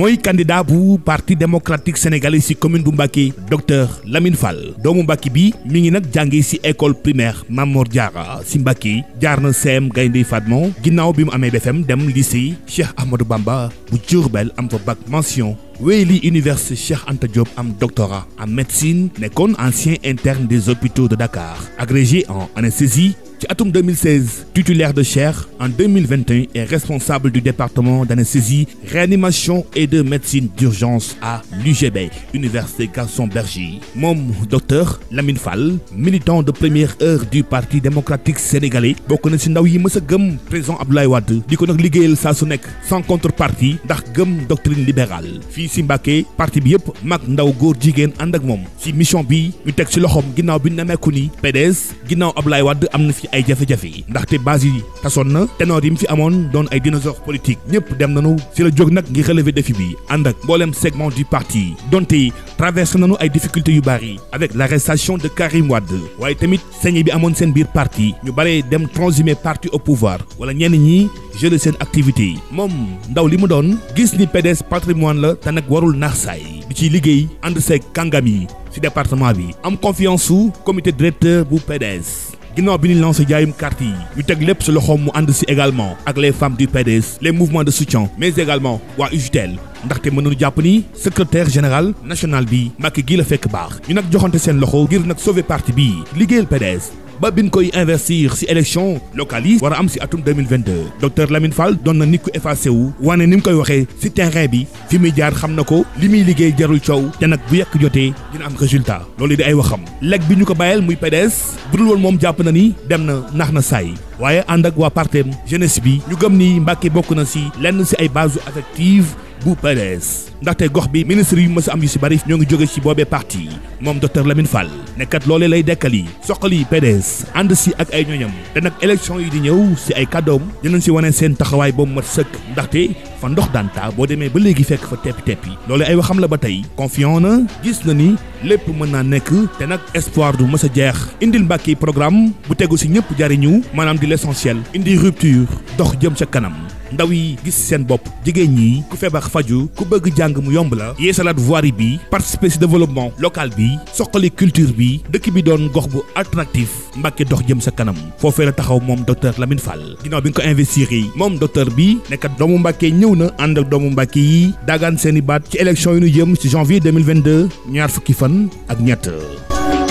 mooy candidat bu parti démocratique sénégalais ci commune bu Mbacké docteur Lamine Fall doomu Mbacké bi mi ngi nag jànge ci école primaire Mamor Diarra ci Mbacké jaar na CM Gaynde Fatma ginnaaw bi mu amee BFM dem lycée Cheikh Ahmadou Bamba bu Diourbel am fa bac mention wéyli université Cheikh Anta Diop am doctorat en médecine nekkoon ancien interne des hôpitaux de Dakar agrégé en anesthésie ci atum 2016 titulaire de chaire en 2021 et responsable du département d'anesthésie réanimation et de médecine d'urgence à l'UGB Université Gaston Berger moom docteur Lamine Fall militant de première heure du parti démocratique sénégalais bokk na ci ndaw yi mës a gëm président Abdoulaye Wade di ko nag liggéeyal saa su nekk sans contrepartie ndax gëm doctrine libérale fii si Mbacké parti bi yëpp mag ndaw góor jigéen ànd ak moom si mission bi ñu teg ci loxoom ginnaaw bi ay jafe-jafe yi ndaxte base yi tasoon na ténor yi mu fi amoon doon ay dinosaures politique ñëpp dem nañu si la jóg nag ngir relever défi bi ànd ak mboolem segment du parti donte traversé nanu ay difficultés yu bari avec l'arrestation de Karim Wade waaye tamit sañe bi amoon seen biir parti ñu bare dem transhumer parti au pouvoir wala ñenn ñi jëlee seen activité yi moom ndaw li mu doon gis ni PDS patrimoine la te nag warul naax saay di ci liggéey ànd seeg kàngam yi ci département bi am confiance su comité directeur bu PDS ginnaaw bi ñu lancé jaayum carte yi ñu teg lépp si loxo mu ànd si également ak les femmes du PDS les mouvements de soutien mais également waa UJTL ndaxte mënuñu jàpp ni secrétaire général national bi Macky gii la fekk baax ñu nag joxante seen loxo ngir nag sauver parti bii liggéeyal PDS ba bin koy investir si élection locale yi war a am si atum 2022 docteur Lamine Fall doon na nit ku effacé wu wane ni mu koy waxee si terrain bi fi muy jaar xam na ko li muy liggéey jarul coow te nag bu yekk jotee dina am résultat loolu di ay waxam leg bi ñu ko bàyyeel muy PDS budul woon moom jàpp na ni dem na nax na saay waaye ànd ak waa partem jeunesse bi ñu gëm ni Mbàkke bokk na si lenn si ay base affective bu PDS ndaxte gox bi ministre yu mës a am yu si bari ñoo ngi jóge ci boobee parti moom docteur Lamine fal nekkat loole lay dekkali yi PDS ànd si ak ay ñoñam te nag élection yi di ñëw si ay kàddoom dinañ si wane seen taxawaay boobu mat sëkk ndaxte fa ndox daan taa boo demee ba léegi fekk fa tepp teppi loolee ay waxam la ba tey confiant na gis na ni lépp mën naa nekk te nag espoir du mës a jeex indil mbàkki programme bu tegu si ñëpp jariñu maanaam di l'essentiel indi rupture dox jëm ca kanam ndaw yi gis seen bopp jigéen ñi ku feebar faju ku bëgg jàng mu yomb la yeesalaat voirie bi participer ci développement local bi soqali culture bi dëkk bi doon gox bu attractif Mbàkke dox jëm sa kanam foofee la taxaw moom docteur Lamine Fall ginnaaw bi nga ko investir yi moom docteur bi nekkat doomu Mbàkke ñëw na ànd ak doomu Mbàkke yi daagaan seeni baat ci élection yi nuy jëm ci janvier 2022 ñaar fukki fan ak ñett